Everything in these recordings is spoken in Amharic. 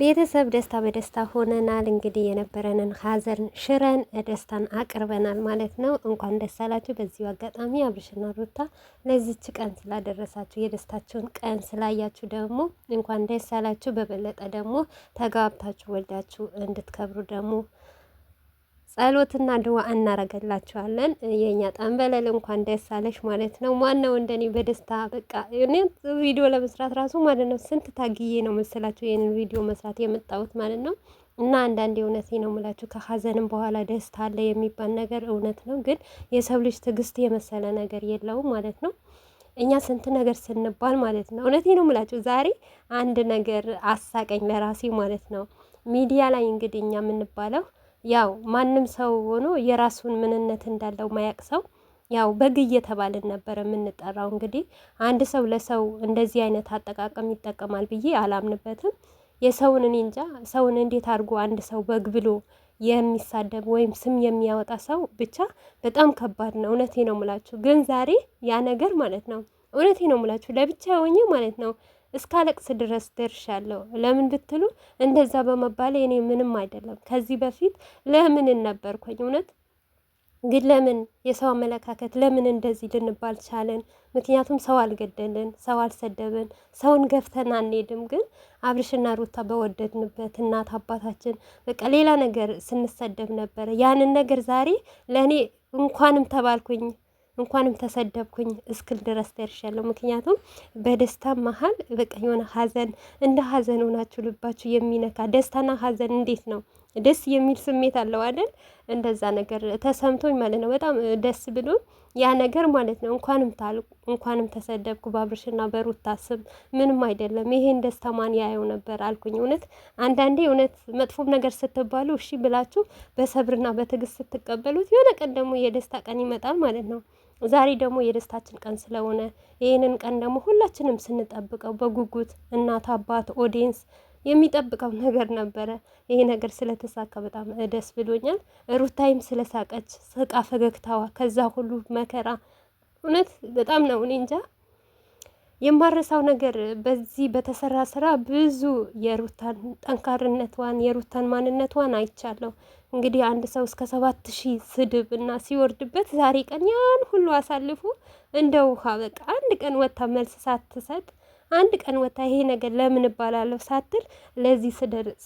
ቤተሰብ ደስታ በደስታ ሆነናል። እንግዲህ የነበረንን ሀዘን ሽረን ደስታን አቅርበናል ማለት ነው። እንኳን ደስ አላችሁ። በዚሁ አጋጣሚ አብርሽና ሩታ ለዚች ቀን ስላደረሳችሁ የደስታችሁን ቀን ስላያችሁ ደግሞ እንኳን ደስ አላችሁ። በበለጠ ደግሞ ተጋብታችሁ ወልዳችሁ እንድትከብሩ ደግሞ ጸሎትና ድዋ እናረገላቸዋለን። የእኛ ጠንበለል እንኳን ደስ አለሽ ማለት ነው። ማነው እንደኔ በደስታ በቃ ቪዲዮ ለመስራት ራሱ ማለት ነው ስንት ታግዬ ነው መሰላቸው ይህንን ቪዲዮ መስራት የመጣሁት ማለት ነው። እና አንዳንድ እውነቴ ነው የምላችሁ ከሀዘንም በኋላ ደስታ አለ የሚባል ነገር እውነት ነው። ግን የሰው ልጅ ትዕግስት የመሰለ ነገር የለውም ማለት ነው። እኛ ስንት ነገር ስንባል ማለት ነው። እውነቴ ነው የምላችሁ ዛሬ አንድ ነገር አሳቀኝ ለራሴ ማለት ነው። ሚዲያ ላይ እንግዲህ እኛ የምንባለው ያው ማንም ሰው ሆኖ የራሱን ምንነት እንዳለው ማያቅ ሰው ያው በግ እየተባልን ነበር የምንጠራው። እንግዲህ አንድ ሰው ለሰው እንደዚህ አይነት አጠቃቀም ይጠቀማል ብዬ አላምንበትም። የሰውን እኔ እንጃ ሰውን እንዴት አድርጎ አንድ ሰው በግ ብሎ የሚሳደብ ወይም ስም የሚያወጣ ሰው ብቻ በጣም ከባድ ነው። እውነቴ ነው ምላችሁ። ግን ዛሬ ያ ነገር ማለት ነው እውነቴ ነው ምላችሁ ለብቻ ሆኜ ማለት ነው እስካለቅስ ድረስ ደርሻለሁ። ለምን ብትሉ እንደዛ በመባል እኔ ምንም አይደለም። ከዚህ በፊት ለምን ነበርኩኝ እውነት ግን ለምን የሰው አመለካከት ለምን እንደዚህ ልንባል ቻለን? ምክንያቱም ሰው አልገደልን፣ ሰው አልሰደብን፣ ሰውን ገፍተን አንሄድም። ግን አብርሽና ሩታ በወደድንበት እናት አባታችን በቃ ሌላ ነገር ስንሰደብ ነበረ። ያንን ነገር ዛሬ ለእኔ እንኳንም ተባልኩኝ እንኳንም ተሰደብኩኝ እስክል ድረስ ደርሻለሁ። ምክንያቱም በደስታ መሀል በቃ የሆነ ሀዘን እንደ ሀዘን ሆናችሁ ልባችሁ የሚነካ ደስታና ሀዘን እንዴት ነው ደስ የሚል ስሜት አለው አይደል? እንደዛ ነገር ተሰምቶኝ ማለት ነው። በጣም ደስ ብሎ ያ ነገር ማለት ነው። እንኳንም ታልኩ፣ እንኳንም ተሰደብኩ ባብርሽና በሩታ ስም ምንም አይደለም። ይሄን ደስታ ማን ያየው ነበር አልኩኝ። እውነት አንዳንዴ እውነት መጥፎም ነገር ስትባሉ እሺ ብላችሁ በሰብርና በትዕግስት ስትቀበሉት የሆነ ቀን ደግሞ የደስታ ቀን ይመጣል ማለት ነው። ዛሬ ደግሞ የደስታችን ቀን ስለሆነ ይህንን ቀን ደግሞ ሁላችንም ስንጠብቀው በጉጉት እናት፣ አባት፣ ኦዲየንስ የሚጠብቀው ነገር ነበረ። ይሄ ነገር ስለተሳካ በጣም ደስ ብሎኛል። ሩታይም ስለሳቀች ስቃ ፈገግታዋ ከዛ ሁሉ መከራ እውነት በጣም ነው እኔ እንጃ የማረሳው ነገር በዚህ በተሰራ ስራ ብዙ የሩታን ጠንካርነቷን የሩታን ማንነቷን አይቻለሁ። እንግዲህ አንድ ሰው እስከ ሰባት ሺህ ስድብ እና ሲወርድበት ዛሬ ቀን ያን ሁሉ አሳልፎ እንደ ውሃ በቃ አንድ ቀን ወታ መልስ ሳትሰጥ አንድ ቀን ወታ ይሄ ነገር ለምን እባላለሁ ሳትል ለዚህ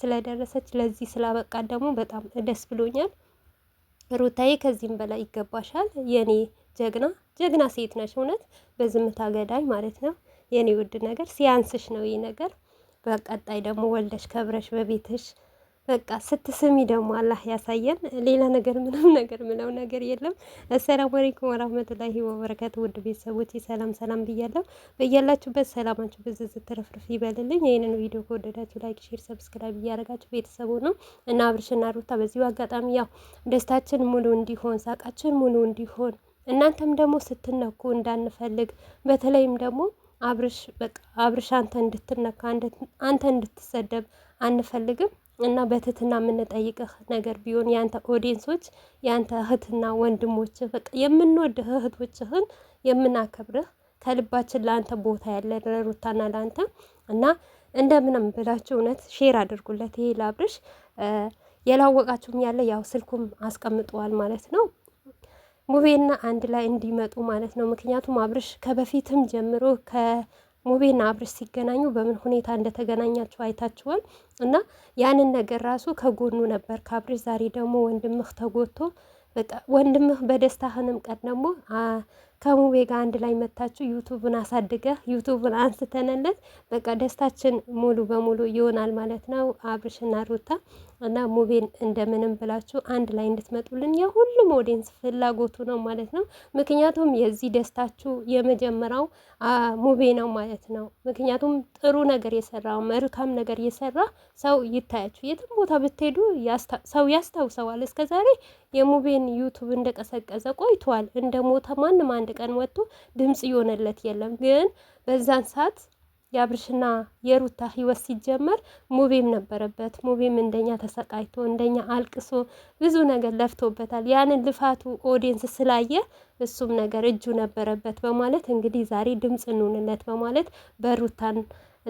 ስለደረሰች ለዚህ ስላበቃ ደግሞ በጣም ደስ ብሎኛል። ሩታዬ ከዚህም በላይ ይገባሻል። የኔ ጀግና ጀግና ሴት ነች። እውነት በዝምታ ገዳይ ማለት ነው። የኔ ውድ ነገር ሲያንስሽ ነው ይህ ነገር። በቀጣይ ደግሞ ወልደሽ ከብረሽ በቤትሽ በቃ ስትስሚ ደግሞ አላህ ያሳየን። ሌላ ነገር ምንም ነገር ምለው ነገር የለም። አሰላሙ አለይኩም ወራህመቱላሂ ወበረከቱ። ውድ ቤተሰቦች ሰላም ሰላም ብያለሁ። በያላችሁበት ሰላማችሁ ብዝዝ ትርፍርፍ ይበልልኝ። ይህንን ቪዲዮ ከወደዳችሁ ላይክ፣ ሼር፣ ሰብስክራይብ እያደረጋችሁ ቤተሰቡ ነው እና አብርሽና ሩታ በዚሁ አጋጣሚ ያው ደስታችን ሙሉ እንዲሆን ሳቃችን ሙሉ እንዲሆን እናንተም ደግሞ ስትነኩ እንዳንፈልግ በተለይም ደግሞ አብርሽ በቃ አብርሽ አንተ እንድትነካ አንተ እንድትሰደብ አንፈልግም እና በትህትና የምንጠይቅህ ነገር ቢሆን የአንተ ኦዲየንሶች የአንተ እህትና ወንድሞች በቃ የምንወድህ እህቶችህን የምናከብርህ ከልባችን ለአንተ ቦታ ያለ ለሩታና ለአንተ እና እንደምንም ብላችሁ እውነት ሼር አድርጉለት። ይሄ ለአብርሽ የላወቃችሁም ያለ ያው ስልኩም አስቀምጠዋል ማለት ነው። ሙቤና አንድ ላይ እንዲመጡ ማለት ነው። ምክንያቱም አብርሽ ከበፊትም ጀምሮ ከሙቤና አብርሽ ሲገናኙ በምን ሁኔታ እንደተገናኛቸው አይታችኋል። እና ያንን ነገር ራሱ ከጎኑ ነበር ከአብርሽ። ዛሬ ደግሞ ወንድምህ ተጎድቶ በቃ ወንድምህ በደስታህንም ቀን ደግሞ ከሙቤ ጋር አንድ ላይ መታችሁ ዩቱብን አሳድገህ ዩቱብን አንስተንለት በቃ ደስታችን ሙሉ በሙሉ ይሆናል ማለት ነው። አብርሽና ሩታ እና ሙቤን እንደምንም ብላችሁ አንድ ላይ እንድትመጡልን የሁሉም ኦዲንስ ፍላጎቱ ነው ማለት ነው። ምክንያቱም የዚህ ደስታችሁ የመጀመሪያው ሙቤ ነው ማለት ነው። ምክንያቱም ጥሩ ነገር የሰራ መልካም ነገር የሰራ ሰው ይታያችሁ። የትም ቦታ ብትሄዱ ሰው ያስታውሰዋል። እስከዛሬ የሙቤን ዩቱብ እንደቀሰቀሰ ቆይተዋል። እንደ ሞተ ማንም አንድ ቀን ወጥቶ ድምጽ ይሆነለት የለም። ግን በዛን ሰዓት የአብርሽና የሩታ ህይወት ሲጀመር ሙቤም ነበረበት። ሙቤም እንደኛ ተሰቃይቶ እንደኛ አልቅሶ ብዙ ነገር ለፍቶበታል። ያንን ልፋቱ ኦዲየንስ ስላየ እሱም ነገር እጁ ነበረበት በማለት እንግዲህ ዛሬ ድምፅ እንሁንለት በማለት በሩታን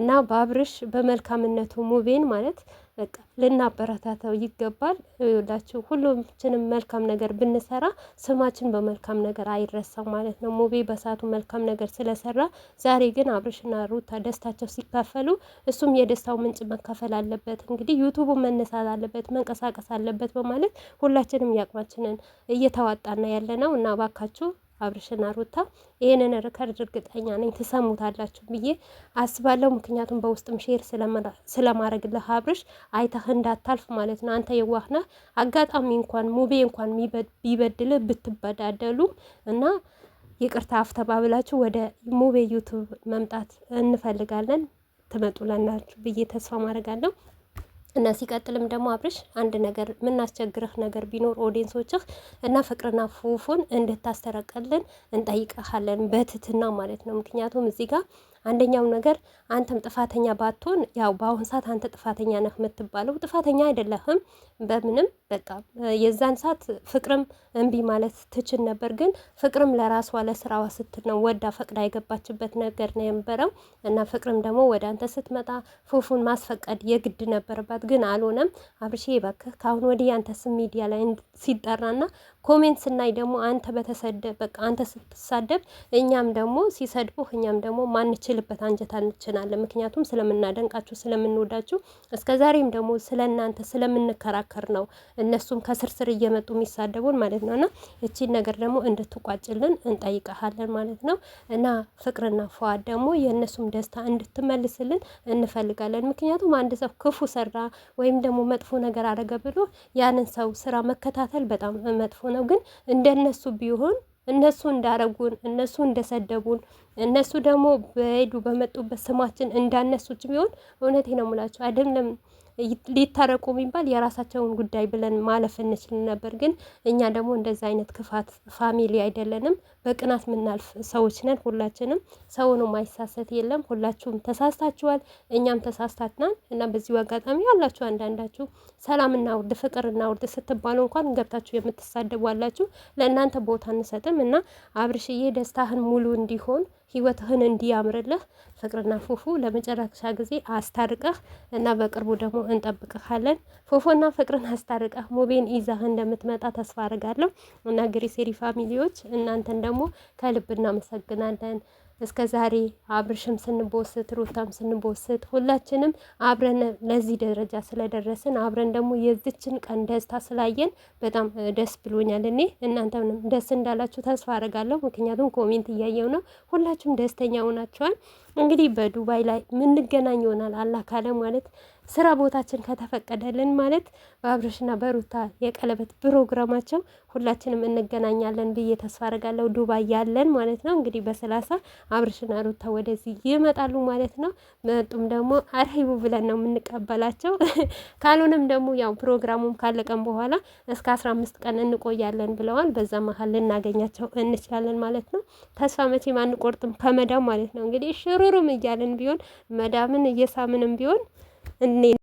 እና በአብርሽ በመልካምነቱ ሙቤን ማለት በቃ ልናበረታተው ይገባል። ይላችሁ ሁላችንም መልካም ነገር ብንሰራ ስማችን በመልካም ነገር አይረሳም ማለት ነው። ሙቤ በሳቱ መልካም ነገር ስለሰራ ዛሬ ግን አብርሽና ሩታ ደስታቸው ሲካፈሉ እሱም የደስታው ምንጭ መካፈል አለበት። እንግዲህ ዩቱቡ መነሳት አለበት፣ መንቀሳቀስ አለበት በማለት ሁላችንም ያቅማችንን እየተዋጣና ያለ ነው እና ባካችሁ አብርሽና ሩታ ይህንን ሪከርድ እርግጠኛ ነኝ ትሰሙታላችሁ ብዬ አስባለሁ። ምክንያቱም በውስጥም ሼር ስለማድረግልህ አብርሽ አይተህ እንዳታልፍ ማለት ነው። አንተ የዋህና አጋጣሚ እንኳን ሙቤ እንኳን ቢበድል ብትበዳደሉ እና ይቅርታ አፍተባብላችሁ ወደ ሙቤ ዩቱብ መምጣት እንፈልጋለን ትመጡላናችሁ ብዬ ተስፋ ማድረጋለሁ። እና ሲቀጥልም ደግሞ አብርሽ አንድ ነገር የምናስቸግርህ ነገር ቢኖር ኦዲንሶችህ እና ፍቅርና ፉፉን እንድታስተረቀልን እንጠይቀሃለን በትትና ማለት ነው። ምክንያቱም እዚህ ጋር አንደኛው ነገር አንተም ጥፋተኛ ባትሆን ያው በአሁን ሰዓት አንተ ጥፋተኛ ነህ የምትባለው ጥፋተኛ አይደለህም በምንም በቃ የዛን ሰዓት ፍቅርም እምቢ ማለት ትችል ነበር። ግን ፍቅርም ለራሷ ለስራዋ ስትል ነው ወዳ ፈቅዳ የገባችበት ነገር ነው የነበረው እና ፍቅርም ደግሞ ወደ አንተ ስትመጣ ፉፉን ማስፈቀድ የግድ ነበረባት። ግን አልሆነም። አብርሽ እባክህ ከአሁን ወዲህ አንተ ስም ሚዲያ ላይ ሲጠራና ኮሜንት ስናይ ደግሞ አንተ በተሰደ በቃ አንተ ስትሳደብ እኛም ደግሞ ሲሰድቡህ እኛም ደግሞ ማንችል የማንችልበት አንጀት አንችናለን። ምክንያቱም ስለምናደንቃችሁ ስለምንወዳችሁ፣ እስከ ዛሬም ደግሞ ስለ እናንተ ስለምንከራከር ነው እነሱም ከስርስር እየመጡ የሚሳደቡን ማለት ነው። እና እቺን ነገር ደግሞ እንድትቋጭልን እንጠይቀሃለን ማለት ነው። እና ፍቅርና ፈዋድ ደግሞ የእነሱም ደስታ እንድትመልስልን እንፈልጋለን። ምክንያቱም አንድ ሰው ክፉ ሰራ ወይም ደግሞ መጥፎ ነገር አደረገ ብሎ ያንን ሰው ስራ መከታተል በጣም መጥፎ ነው። ግን እንደነሱ ቢሆን እነሱ እንዳረጉን፣ እነሱ እንደሰደቡን፣ እነሱ ደግሞ በሄዱ በመጡበት ስማችን እንዳነሱች ቢሆን እውነቴ ነው የምላቸው አይደለም ሊታረቁ የሚባል የራሳቸውን ጉዳይ ብለን ማለፍ እንችል ነበር። ግን እኛ ደግሞ እንደዚ አይነት ክፋት ፋሚሊ አይደለንም። በቅናት የምናልፍ ሰዎች ነን ሁላችንም። ነው፣ ማይሳሰት የለም። ሁላችሁም ተሳስታችኋል፣ እኛም ተሳስታትናል እና በዚሁ አጋጣሚ ያላችሁ አንዳንዳችሁ ሰላም እናውርድ፣ ፍቅር እናውርድ ስትባሉ እንኳን ገብታችሁ የምትሳደቡ አላችሁ። ለእናንተ ቦታ አንሰጥም እና አብርሽዬ ደስታህን ሙሉ እንዲሆን ህይወትህን እንዲያምርልህ ፍቅርና ፉፉ ለመጨረሻ ጊዜ አስታርቀህ እና በቅርቡ ደግሞ እንጠብቅሃለን። ፉፉና ፍቅርን አስታርቀህ ሙቤን ይዛህ እንደምትመጣ ተስፋ አድርጋለሁ እና ግሪሴሪ ፋሚሊዎች እናንተን ደግሞ ከልብ እናመሰግናለን። እስከ ዛሬ አብርሽም ስንቦስት ሩታም ስንቦስት ሁላችንም አብረን ለዚህ ደረጃ ስለደረስን አብረን ደግሞ የዚችን ቀን ደስታ ስላየን በጣም ደስ ብሎኛል። እኔ እናንተም ደስ እንዳላችሁ ተስፋ አረጋለሁ። ምክንያቱም ኮሜንት እያየው ነው። ሁላችሁም ደስተኛ ሆናችኋል። እንግዲህ በዱባይ ላይ ምንገናኝ ይሆናል አላህ ካለ ማለት ስራ ቦታችን ከተፈቀደልን ማለት በአብረሽና በሩታ የቀለበት ፕሮግራማቸው ሁላችንም እንገናኛለን ብዬ ተስፋ አደርጋለሁ። ዱባይ ያለን ማለት ነው እንግዲህ በሰላሳ አብረሽና ሩታ ወደዚህ ይመጣሉ ማለት ነው። መጡም ደግሞ አርሂቡ ብለን ነው የምንቀበላቸው። ካልሆነም ደግሞ ያው ፕሮግራሙም ካለቀን በኋላ እስከ አስራ አምስት ቀን እንቆያለን ብለዋል። በዛ መሀል ልናገኛቸው እንችላለን ማለት ነው። ተስፋ መቼም አንቆርጥም ከመዳም ማለት ነው እንግዲህ ሽሩሩም እያልን ቢሆን መዳምን እየሳምንም ቢሆን እኔ